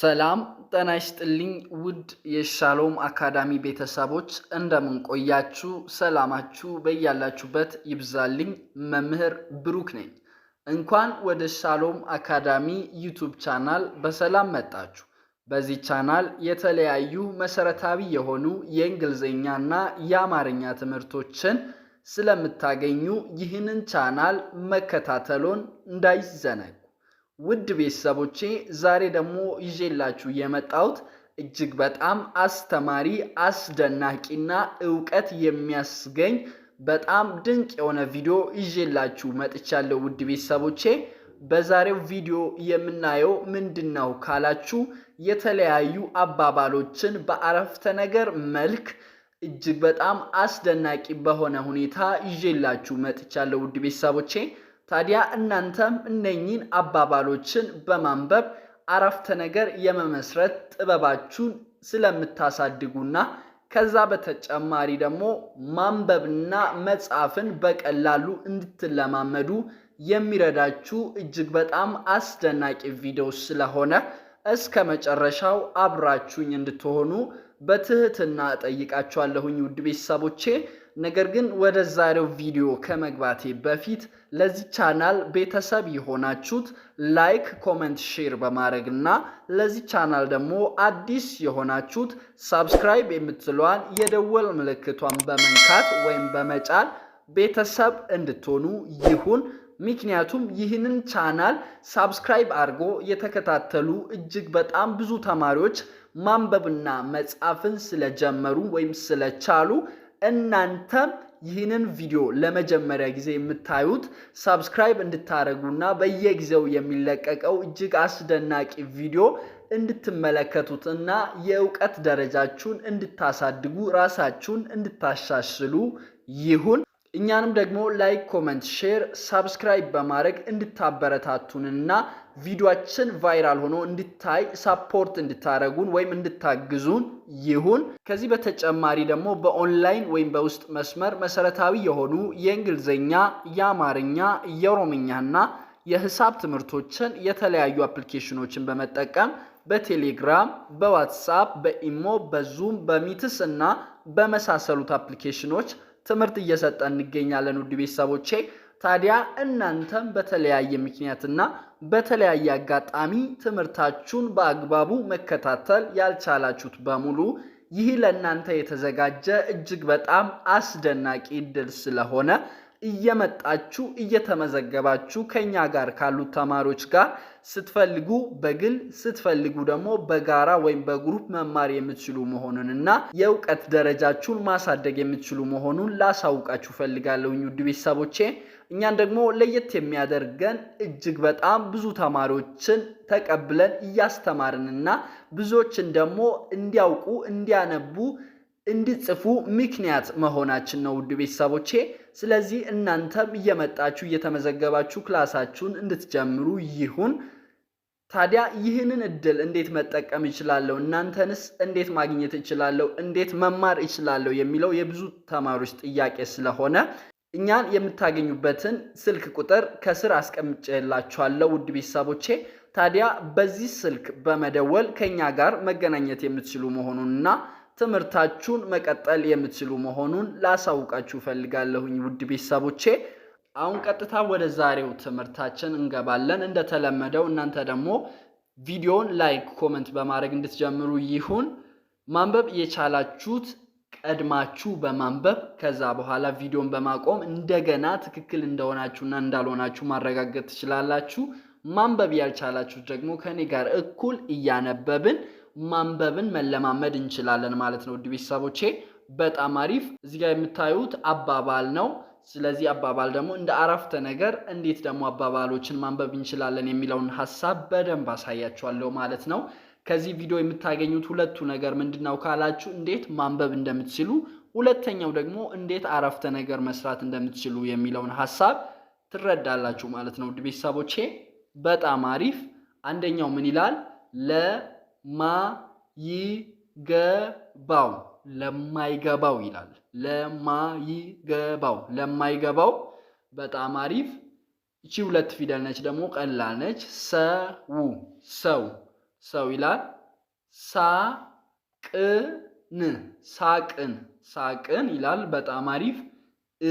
ሰላም ጤና ይስጥልኝ። ውድ የሻሎም አካዳሚ ቤተሰቦች እንደምን ቆያችሁ? ሰላማችሁ በያላችሁበት ይብዛልኝ። መምህር ብሩክ ነኝ። እንኳን ወደ ሻሎም አካዳሚ ዩቱብ ቻናል በሰላም መጣችሁ። በዚህ ቻናል የተለያዩ መሰረታዊ የሆኑ የእንግሊዝኛና የአማርኛ ትምህርቶችን ስለምታገኙ ይህንን ቻናል መከታተሎን እንዳይዘነጉ። ውድ ቤተሰቦቼ ዛሬ ደግሞ ይዤላችሁ የመጣሁት እጅግ በጣም አስተማሪ አስደናቂና እውቀት የሚያስገኝ በጣም ድንቅ የሆነ ቪዲዮ ይዤላችሁ መጥቻለሁ። ውድ ቤተሰቦቼ በዛሬው ቪዲዮ የምናየው ምንድን ነው ካላችሁ የተለያዩ አባባሎችን በአረፍተ ነገር መልክ እጅግ በጣም አስደናቂ በሆነ ሁኔታ ይዤላችሁ መጥቻለሁ ውድ ቤተሰቦቼ። ታዲያ እናንተም እነኚህን አባባሎችን በማንበብ አረፍተ ነገር የመመስረት ጥበባችሁን ስለምታሳድጉና ከዛ በተጨማሪ ደግሞ ማንበብና መጻፍን በቀላሉ እንድትለማመዱ የሚረዳችሁ እጅግ በጣም አስደናቂ ቪዲዮ ስለሆነ እስከ መጨረሻው አብራችሁኝ እንድትሆኑ በትህትና እጠይቃችኋለሁኝ ውድ ቤተሰቦቼ። ነገር ግን ወደ ዛሬው ቪዲዮ ከመግባቴ በፊት ለዚህ ቻናል ቤተሰብ የሆናችሁት ላይክ፣ ኮመንት፣ ሼር በማድረግ እና ለዚህ ቻናል ደግሞ አዲስ የሆናችሁት ሳብስክራይብ የምትለዋን የደወል ምልክቷን በመንካት ወይም በመጫን ቤተሰብ እንድትሆኑ ይሁን። ምክንያቱም ይህንን ቻናል ሳብስክራይብ አድርጎ የተከታተሉ እጅግ በጣም ብዙ ተማሪዎች ማንበብና መጻፍን ስለጀመሩ ወይም ስለቻሉ እናንተም ይህንን ቪዲዮ ለመጀመሪያ ጊዜ የምታዩት ሳብስክራይብ እንድታደርጉና በየጊዜው የሚለቀቀው እጅግ አስደናቂ ቪዲዮ እንድትመለከቱትና የእውቀት ደረጃችሁን እንድታሳድጉ ራሳችሁን እንድታሻሽሉ ይሁን። እኛንም ደግሞ ላይክ፣ ኮመንት፣ ሼር፣ ሳብስክራይብ በማድረግ እንድታበረታቱንና ቪዲዮችን ቫይራል ሆኖ እንድታይ ሳፖርት እንድታደረጉን ወይም እንድታግዙን ይሁን። ከዚህ በተጨማሪ ደግሞ በኦንላይን ወይም በውስጥ መስመር መሰረታዊ የሆኑ የእንግሊዝኛ፣ የአማርኛ፣ የኦሮምኛና የሂሳብ ትምህርቶችን የተለያዩ አፕሊኬሽኖችን በመጠቀም በቴሌግራም፣ በዋትሳፕ፣ በኢሞ፣ በዙም፣ በሚትስ እና በመሳሰሉት አፕሊኬሽኖች ትምህርት እየሰጠ እንገኛለን። ውድ ቤተሰቦቼ ታዲያ እናንተም በተለያየ ምክንያትና በተለያየ አጋጣሚ ትምህርታችሁን በአግባቡ መከታተል ያልቻላችሁት በሙሉ ይህ ለእናንተ የተዘጋጀ እጅግ በጣም አስደናቂ እድል ስለሆነ እየመጣችሁ እየተመዘገባችሁ ከኛ ጋር ካሉት ተማሪዎች ጋር ስትፈልጉ በግል ስትፈልጉ ደግሞ በጋራ ወይም በግሩፕ መማር የምትችሉ መሆኑን እና የእውቀት ደረጃችሁን ማሳደግ የምትችሉ መሆኑን ላሳውቃችሁ ፈልጋለሁ ውድ ቤተሰቦቼ። እኛን ደግሞ ለየት የሚያደርገን እጅግ በጣም ብዙ ተማሪዎችን ተቀብለን እያስተማርንና ብዙዎችን ደግሞ እንዲያውቁ እንዲያነቡ እንዲጽፉ ምክንያት መሆናችን ነው ውድ ቤተሰቦቼ። ስለዚህ እናንተም እየመጣችሁ እየተመዘገባችሁ ክላሳችሁን እንድትጀምሩ ይሁን። ታዲያ ይህንን እድል እንዴት መጠቀም እችላለሁ? እናንተንስ እንዴት ማግኘት እችላለሁ? እንዴት መማር እችላለሁ? የሚለው የብዙ ተማሪዎች ጥያቄ ስለሆነ እኛን የምታገኙበትን ስልክ ቁጥር ከስር አስቀምጬላችኋለሁ ውድ ቤተሰቦቼ። ታዲያ በዚህ ስልክ በመደወል ከእኛ ጋር መገናኘት የምትችሉ መሆኑንና ትምህርታችሁን መቀጠል የምትችሉ መሆኑን ላሳውቃችሁ ፈልጋለሁኝ ውድ ቤተሰቦቼ። አሁን ቀጥታ ወደ ዛሬው ትምህርታችን እንገባለን። እንደተለመደው እናንተ ደግሞ ቪዲዮን ላይክ፣ ኮመንት በማድረግ እንድትጀምሩ ይሁን። ማንበብ የቻላችሁት ቀድማችሁ በማንበብ ከዛ በኋላ ቪዲዮን በማቆም እንደገና ትክክል እንደሆናችሁና እንዳልሆናችሁ ማረጋገጥ ትችላላችሁ። ማንበብ ያልቻላችሁት ደግሞ ከኔ ጋር እኩል እያነበብን ማንበብን መለማመድ እንችላለን ማለት ነው። ውድ ቤተሰቦቼ በጣም አሪፍ። እዚህ ጋር የምታዩት አባባል ነው። ስለዚህ አባባል ደግሞ እንደ አረፍተ ነገር እንዴት ደግሞ አባባሎችን ማንበብ እንችላለን የሚለውን ሀሳብ በደንብ አሳያችኋለሁ ማለት ነው። ከዚህ ቪዲዮ የምታገኙት ሁለቱ ነገር ምንድን ነው ካላችሁ እንዴት ማንበብ እንደምትችሉ፣ ሁለተኛው ደግሞ እንዴት አረፍተ ነገር መስራት እንደምትችሉ የሚለውን ሀሳብ ትረዳላችሁ ማለት ነው። ውድ ቤተሰቦቼ በጣም አሪፍ። አንደኛው ምን ይላል ለ ለማይገባው ለማይገባው ይላል። ለማይገባው ለማይገባው በጣም አሪፍ። እቺ ሁለት ፊደል ነች፣ ደግሞ ቀላል ነች። ሰው ሰው ሰው ይላል። ሳቅን ሳቅን ሳቅን ይላል። በጣም አሪፍ።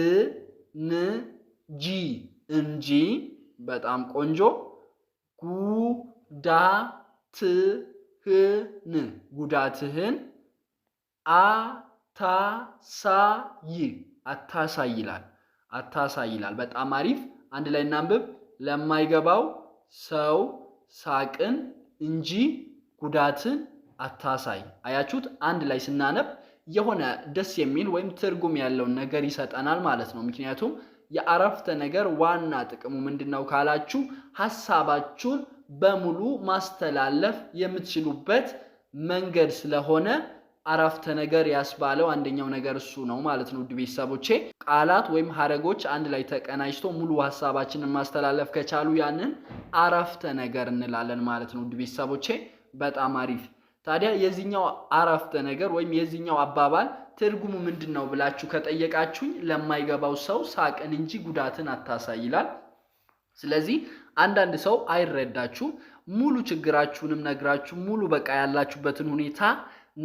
እንጂ እንጂ በጣም ቆንጆ ጉዳት ጉዳትህን ጉዳትህን አታሳይ አታሳይ ይላል በጣም አሪፍ አንድ ላይ እናንብብ። ለማይገባው ሰው ሳቅን እንጂ ጉዳትን አታሳይ። አያችሁት? አንድ ላይ ስናነብ የሆነ ደስ የሚል ወይም ትርጉም ያለውን ነገር ይሰጠናል ማለት ነው። ምክንያቱም የአረፍተ ነገር ዋና ጥቅሙ ምንድን ነው ካላችሁ ሀሳባችሁን በሙሉ ማስተላለፍ የምትችሉበት መንገድ ስለሆነ አረፍተ ነገር ያስባለው አንደኛው ነገር እሱ ነው ማለት ነው። ውድ ቤተሰቦቼ ቃላት ወይም ሀረጎች አንድ ላይ ተቀናጅቶ ሙሉ ሀሳባችንን ማስተላለፍ ከቻሉ ያንን አረፍተ ነገር እንላለን ማለት ነው። ውድ ቤተሰቦቼ በጣም አሪፍ። ታዲያ የዚህኛው አረፍተ ነገር ወይም የዚህኛው አባባል ትርጉሙ ምንድን ነው ብላችሁ ከጠየቃችሁኝ ለማይገባው ሰው ሳቅን እንጂ ጉዳትን አታሳይ ይላል። ስለዚህ አንዳንድ ሰው አይረዳችሁም። ሙሉ ችግራችሁንም ነግራችሁ ሙሉ በቃ ያላችሁበትን ሁኔታ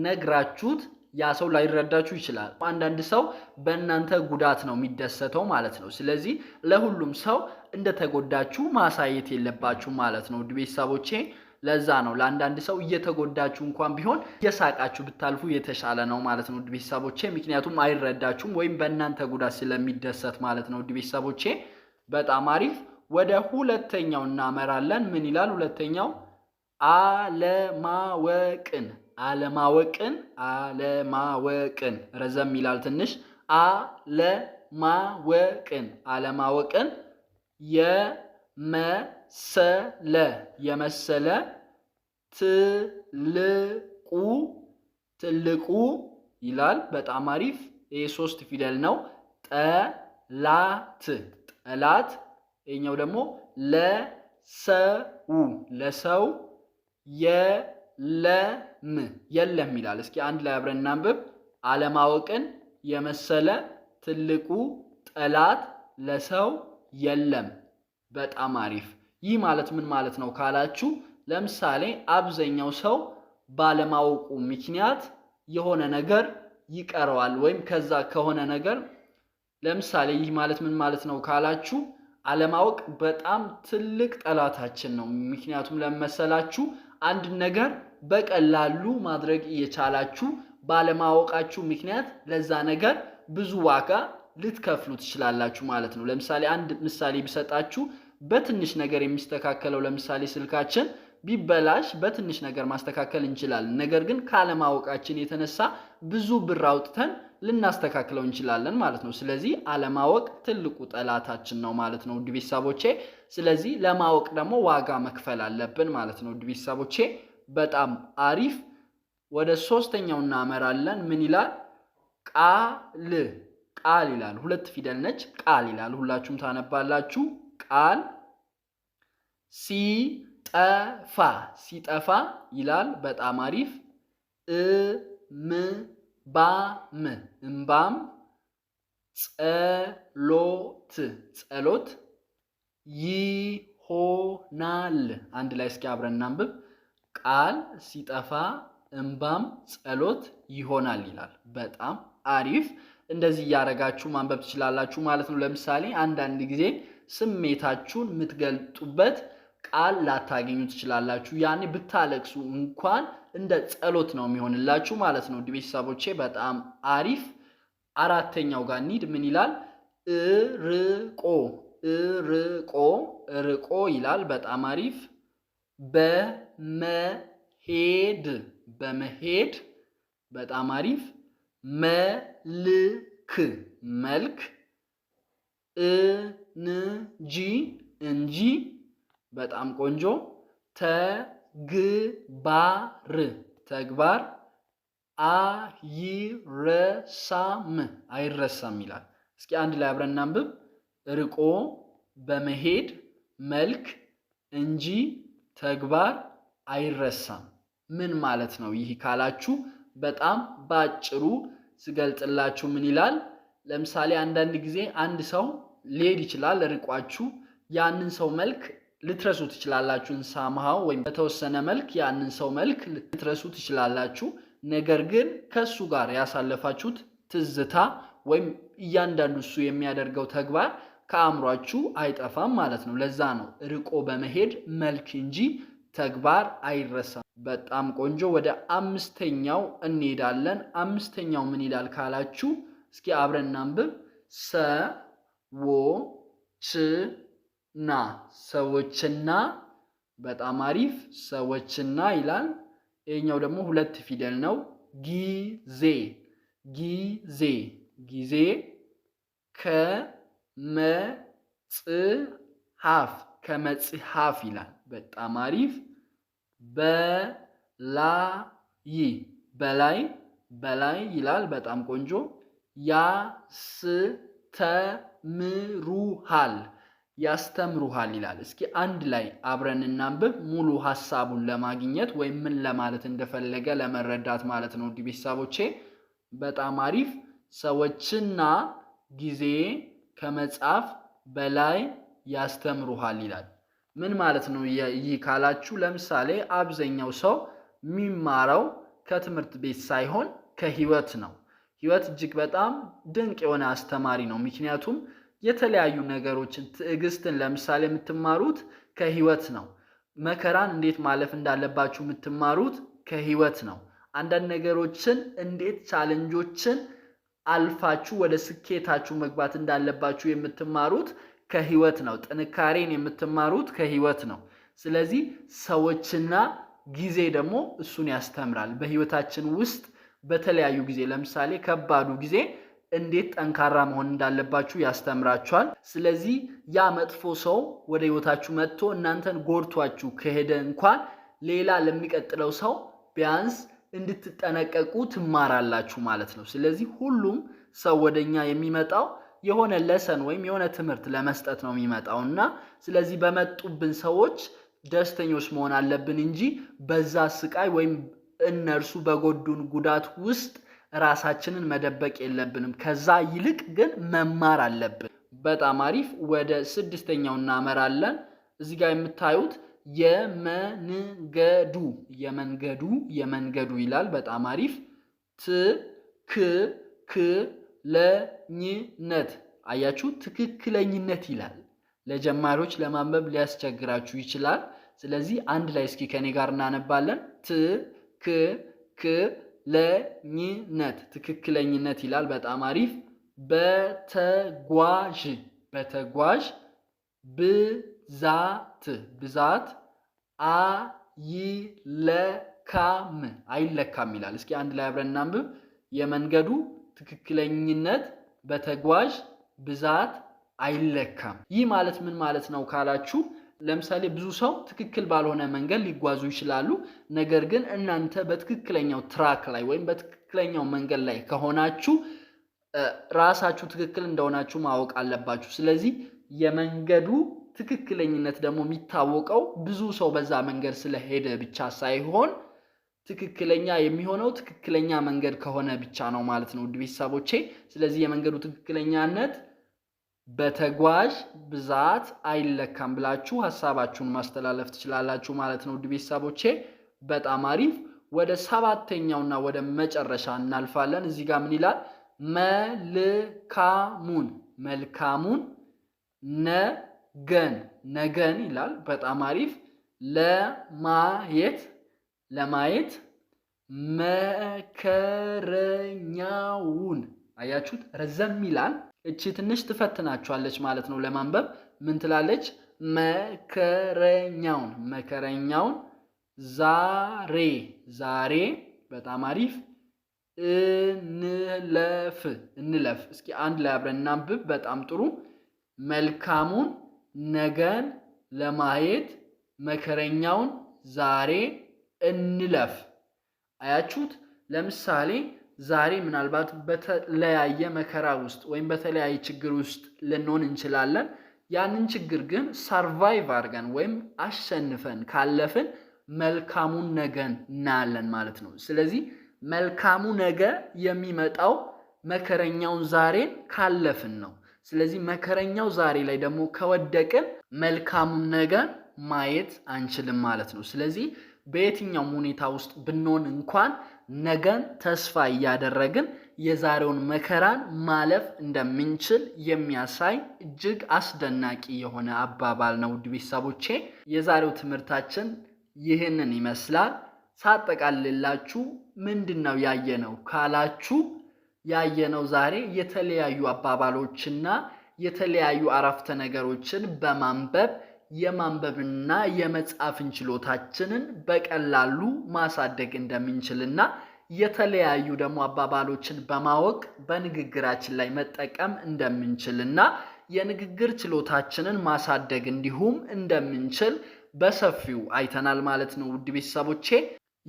ነግራችሁት ያ ሰው ላይረዳችሁ ይችላል። አንዳንድ ሰው በእናንተ ጉዳት ነው የሚደሰተው ማለት ነው። ስለዚህ ለሁሉም ሰው እንደተጎዳችሁ ማሳየት የለባችሁ ማለት ነው። ውድ ቤተሰቦቼ ለዛ ነው ለአንዳንድ ሰው እየተጎዳችሁ እንኳን ቢሆን እየሳቃችሁ ብታልፉ የተሻለ ነው ማለት ነው። ውድ ቤተሰቦቼ ምክንያቱም አይረዳችሁም ወይም በእናንተ ጉዳት ስለሚደሰት ማለት ነው። ውድ ቤተሰቦቼ በጣም አሪፍ ወደ ሁለተኛው እናመራለን። ምን ይላል ሁለተኛው? አለማወቅን አለማወቅን አለማወቅን ረዘም ይላል ትንሽ። አለማወቅን አለማወቅን የመሰለ የመሰለ ትልቁ ትልቁ ይላል። በጣም አሪፍ የሶስት ሶስት ፊደል ነው። ጠላት ጠላት ይህኛው ደግሞ ለሰው ለሰው የለም የለም ይላል። እስኪ አንድ ላይ አብረን እናንብብ። አለማወቅን የመሰለ ትልቁ ጠላት ለሰው የለም። በጣም አሪፍ። ይህ ማለት ምን ማለት ነው ካላችሁ፣ ለምሳሌ አብዛኛው ሰው ባለማወቁ ምክንያት የሆነ ነገር ይቀረዋል ወይም ከዛ ከሆነ ነገር ለምሳሌ ይህ ማለት ምን ማለት ነው ካላችሁ አለማወቅ በጣም ትልቅ ጠላታችን ነው። ምክንያቱም ለመሰላችሁ አንድ ነገር በቀላሉ ማድረግ እየቻላችሁ ባለማወቃችሁ ምክንያት ለዛ ነገር ብዙ ዋጋ ልትከፍሉ ትችላላችሁ ማለት ነው። ለምሳሌ አንድ ምሳሌ ቢሰጣችሁ በትንሽ ነገር የሚስተካከለው ለምሳሌ ስልካችን ቢበላሽ በትንሽ ነገር ማስተካከል እንችላለን። ነገር ግን ካለማወቃችን የተነሳ ብዙ ብር አውጥተን ልናስተካክለው እንችላለን ማለት ነው። ስለዚህ አለማወቅ ትልቁ ጠላታችን ነው ማለት ነው ውድ ቤተሰቦቼ። ስለዚህ ለማወቅ ደግሞ ዋጋ መክፈል አለብን ማለት ነው ውድ ቤተሰቦቼ። በጣም አሪፍ። ወደ ሶስተኛው እናመራለን። ምን ይላል? ቃል ቃል ይላል። ሁለት ፊደል ነች። ቃል ይላል። ሁላችሁም ታነባላችሁ። ቃል ሲጠፋ ሲጠፋ ይላል። በጣም አሪፍ እም ባም እምባም ጸሎት ጸሎት ይሆናል። አንድ ላይ እስኪ አብረን እናንብብ። ቃል ሲጠፋ እምባም ጸሎት ይሆናል ይላል። በጣም አሪፍ። እንደዚህ እያደረጋችሁ ማንበብ ትችላላችሁ ማለት ነው። ለምሳሌ አንዳንድ ጊዜ ስሜታችሁን የምትገልጡበት ቃል ላታገኙ ትችላላችሁ። ያኔ ብታለቅሱ እንኳን እንደ ጸሎት ነው የሚሆንላችሁ ማለት ነው። ቤተሰቦቼ በጣም አሪፍ። አራተኛው ጋር እንሂድ። ምን ይላል? እርቆ እርቆ ርቆ ይላል። በጣም አሪፍ። በመሄድ በመሄድ በጣም አሪፍ። መልክ መልክ እንጂ እንጂ በጣም ቆንጆ ተ ግባር ተግባር አይረሳም አይረሳም ይላል። እስኪ አንድ ላይ አብረን እናንብብ። ርቆ በመሄድ መልክ እንጂ ተግባር አይረሳም። ምን ማለት ነው ይህ ካላችሁ፣ በጣም በአጭሩ ስገልጽላችሁ ምን ይላል? ለምሳሌ አንዳንድ ጊዜ አንድ ሰው ሊሄድ ይችላል ርቋችሁ፣ ያንን ሰው መልክ ልትረሱ ትችላላችሁ። ሳምሃው ወይም በተወሰነ መልክ ያንን ሰው መልክ ልትረሱ ትችላላችሁ። ነገር ግን ከእሱ ጋር ያሳለፋችሁት ትዝታ ወይም እያንዳንዱ እሱ የሚያደርገው ተግባር ከአእምሯችሁ አይጠፋም ማለት ነው። ለዛ ነው ርቆ በመሄድ መልክ እንጂ ተግባር አይረሳም። በጣም ቆንጆ። ወደ አምስተኛው እንሄዳለን። አምስተኛው ምን ይላል ካላችሁ እስኪ አብረን እናንብብ። ሰ ወ ች ና ሰዎችና በጣም አሪፍ ሰዎችና ይላል። ይህኛው ደግሞ ሁለት ፊደል ነው። ጊዜ ጊዜ ጊዜ ከመጽሐፍ ከመጽሐፍ ይላል። በጣም አሪፍ በላይ በላይ በላይ ይላል። በጣም ቆንጆ ያስተምሩሃል ያስተምሩሃል ይላል። እስኪ አንድ ላይ አብረን እናንብብ ሙሉ ሀሳቡን ለማግኘት ወይም ምን ለማለት እንደፈለገ ለመረዳት ማለት ነው። እንዲህ ቤተሰቦቼ በጣም አሪፍ ሰዎችና ጊዜ ከመጽሐፍ በላይ ያስተምሩሃል ይላል። ምን ማለት ነው ይህ ካላችሁ፣ ለምሳሌ አብዛኛው ሰው የሚማረው ከትምህርት ቤት ሳይሆን ከህይወት ነው። ህይወት እጅግ በጣም ድንቅ የሆነ አስተማሪ ነው። ምክንያቱም የተለያዩ ነገሮችን ትዕግስትን ለምሳሌ የምትማሩት ከህይወት ነው። መከራን እንዴት ማለፍ እንዳለባችሁ የምትማሩት ከህይወት ነው። አንዳንድ ነገሮችን እንዴት ቻለንጆችን አልፋችሁ ወደ ስኬታችሁ መግባት እንዳለባችሁ የምትማሩት ከህይወት ነው። ጥንካሬን የምትማሩት ከህይወት ነው። ስለዚህ ሰዎችና ጊዜ ደግሞ እሱን ያስተምራል። በህይወታችን ውስጥ በተለያዩ ጊዜ ለምሳሌ ከባዱ ጊዜ እንዴት ጠንካራ መሆን እንዳለባችሁ ያስተምራችኋል። ስለዚህ ያ መጥፎ ሰው ወደ ህይወታችሁ መጥቶ እናንተን ጎድቷችሁ ከሄደ እንኳን ሌላ ለሚቀጥለው ሰው ቢያንስ እንድትጠነቀቁ ትማራላችሁ ማለት ነው። ስለዚህ ሁሉም ሰው ወደ እኛ የሚመጣው የሆነ ለሰን ወይም የሆነ ትምህርት ለመስጠት ነው የሚመጣው እና ስለዚህ በመጡብን ሰዎች ደስተኞች መሆን አለብን እንጂ በዛ ስቃይ ወይም እነርሱ በጎዱን ጉዳት ውስጥ ራሳችንን መደበቅ የለብንም። ከዛ ይልቅ ግን መማር አለብን። በጣም አሪፍ። ወደ ስድስተኛው እናመራለን። እዚህ ጋር የምታዩት የመንገዱ የመንገዱ የመንገዱ ይላል። በጣም አሪፍ ትክክለኝነት አያችሁ፣ ትክክለኝነት ይላል። ለጀማሪዎች ለማንበብ ሊያስቸግራችሁ ይችላል። ስለዚህ አንድ ላይ እስኪ ከኔ ጋር እናነባለን ትክክ ለኝነት ትክክለኝነት ይላል። በጣም አሪፍ። በተጓዥ በተጓዥ ብዛት ብዛት አይለካም አይለካም ይላል። እስኪ አንድ ላይ አብረን እናንብብ። የመንገዱ ትክክለኝነት በተጓዥ ብዛት አይለካም። ይህ ማለት ምን ማለት ነው ካላችሁ ለምሳሌ ብዙ ሰው ትክክል ባልሆነ መንገድ ሊጓዙ ይችላሉ። ነገር ግን እናንተ በትክክለኛው ትራክ ላይ ወይም በትክክለኛው መንገድ ላይ ከሆናችሁ ራሳችሁ ትክክል እንደሆናችሁ ማወቅ አለባችሁ። ስለዚህ የመንገዱ ትክክለኝነት ደግሞ የሚታወቀው ብዙ ሰው በዛ መንገድ ስለሄደ ብቻ ሳይሆን ትክክለኛ የሚሆነው ትክክለኛ መንገድ ከሆነ ብቻ ነው ማለት ነው ውድ ቤተሰቦቼ። ስለዚህ የመንገዱ ትክክለኛነት በተጓዥ ብዛት አይለካም ብላችሁ ሀሳባችሁን ማስተላለፍ ትችላላችሁ ማለት ነው። ውድ ቤተሰቦቼ በጣም አሪፍ። ወደ ሰባተኛውና ወደ መጨረሻ እናልፋለን። እዚህ ጋር ምን ይላል? መልካሙን መልካሙን ነገን ነገን ይላል። በጣም አሪፍ። ለማየት ለማየት መከረኛውን አያችሁት፣ ረዘም ይላል። እቺ ትንሽ ትፈትናችኋለች ማለት ነው ለማንበብ ምን ትላለች? መከረኛውን መከረኛውን ዛሬ ዛሬ በጣም አሪፍ እንለፍ እንለፍ። እስኪ አንድ ላይ አብረን እናንብብ። በጣም ጥሩ። መልካሙን ነገር ለማየት መከረኛውን ዛሬ እንለፍ። አያችሁት? ለምሳሌ ዛሬ ምናልባት በተለያየ መከራ ውስጥ ወይም በተለያየ ችግር ውስጥ ልንሆን እንችላለን። ያንን ችግር ግን ሰርቫይቭ አድርገን ወይም አሸንፈን ካለፍን መልካሙን ነገ እናያለን ማለት ነው። ስለዚህ መልካሙ ነገ የሚመጣው መከረኛውን ዛሬን ካለፍን ነው። ስለዚህ መከረኛው ዛሬ ላይ ደግሞ ከወደቅን መልካሙን ነገ ማየት አንችልም ማለት ነው። ስለዚህ በየትኛውም ሁኔታ ውስጥ ብንሆን እንኳን ነገን ተስፋ እያደረግን የዛሬውን መከራን ማለፍ እንደምንችል የሚያሳይ እጅግ አስደናቂ የሆነ አባባል ነው። ውድ ቤተሰቦቼ የዛሬው ትምህርታችን ይህንን ይመስላል። ሳጠቃልላችሁ ምንድን ነው ያየነው ካላችሁ ያየነው ዛሬ የተለያዩ አባባሎችና የተለያዩ አረፍተ ነገሮችን በማንበብ የማንበብና የመጻፍን ችሎታችንን በቀላሉ ማሳደግ እንደምንችልና የተለያዩ ደግሞ አባባሎችን በማወቅ በንግግራችን ላይ መጠቀም እንደምንችልና የንግግር ችሎታችንን ማሳደግ እንዲሁም እንደምንችል በሰፊው አይተናል ማለት ነው። ውድ ቤተሰቦቼ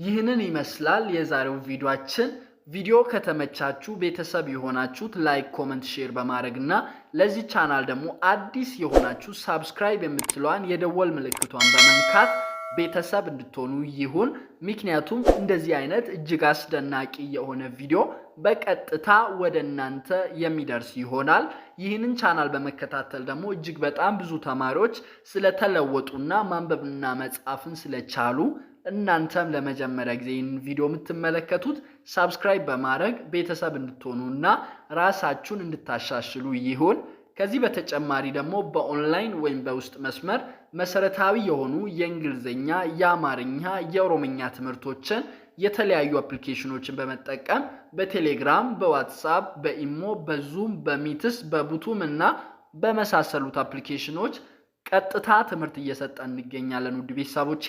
ይህንን ይመስላል የዛሬው ቪዲዮችን። ቪዲዮ ከተመቻችሁ ቤተሰብ የሆናችሁት ላይክ፣ ኮመንት፣ ሼር በማድረግ እና ለዚህ ቻናል ደግሞ አዲስ የሆናችሁ ሳብስክራይብ የምትለዋን የደወል ምልክቷን በመንካት ቤተሰብ እንድትሆኑ ይሁን። ምክንያቱም እንደዚህ አይነት እጅግ አስደናቂ የሆነ ቪዲዮ በቀጥታ ወደ እናንተ የሚደርስ ይሆናል። ይህንን ቻናል በመከታተል ደግሞ እጅግ በጣም ብዙ ተማሪዎች ስለተለወጡና ማንበብና መጻፍን ስለቻሉ እናንተም ለመጀመሪያ ጊዜ ይህን ቪዲዮ የምትመለከቱት ሳብስክራይብ በማድረግ ቤተሰብ እንድትሆኑ እና ራሳችሁን እንድታሻሽሉ ይሁን። ከዚህ በተጨማሪ ደግሞ በኦንላይን ወይም በውስጥ መስመር መሰረታዊ የሆኑ የእንግሊዝኛ፣ የአማርኛ፣ የኦሮምኛ ትምህርቶችን የተለያዩ አፕሊኬሽኖችን በመጠቀም በቴሌግራም፣ በዋትሳፕ፣ በኢሞ፣ በዙም፣ በሚትስ፣ በቡቱም እና በመሳሰሉት አፕሊኬሽኖች ቀጥታ ትምህርት እየሰጠ እንገኛለን። ውድ ቤተሰቦቼ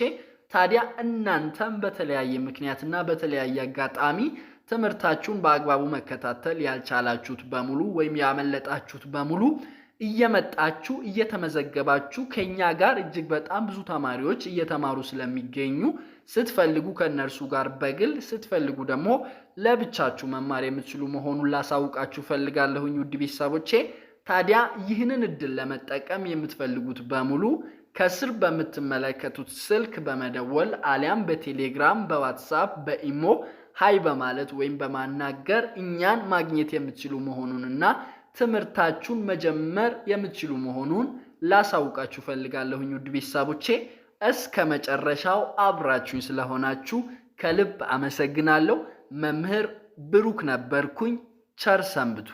ታዲያ እናንተም በተለያየ ምክንያትና በተለያየ አጋጣሚ ትምህርታችሁን በአግባቡ መከታተል ያልቻላችሁት በሙሉ ወይም ያመለጣችሁት በሙሉ እየመጣችሁ እየተመዘገባችሁ ከኛ ጋር እጅግ በጣም ብዙ ተማሪዎች እየተማሩ ስለሚገኙ ስትፈልጉ ከእነርሱ ጋር በግል ስትፈልጉ ደግሞ ለብቻችሁ መማር የምትችሉ መሆኑን ላሳውቃችሁ ፈልጋለሁኝ ውድ ቤተሰቦቼ። ታዲያ ይህንን እድል ለመጠቀም የምትፈልጉት በሙሉ ከስር በምትመለከቱት ስልክ በመደወል አሊያም በቴሌግራም፣ በዋትሳፕ፣ በኢሞ ሀይ በማለት ወይም በማናገር እኛን ማግኘት የምትችሉ መሆኑንና ትምህርታችሁን መጀመር የምትችሉ መሆኑን ላሳውቃችሁ ፈልጋለሁኝ። ውድ ቤተሰቦቼ እስከ መጨረሻው አብራችሁኝ ስለሆናችሁ ከልብ አመሰግናለሁ። መምህር ብሩክ ነበርኩኝ። ቸር ሰንብቱ።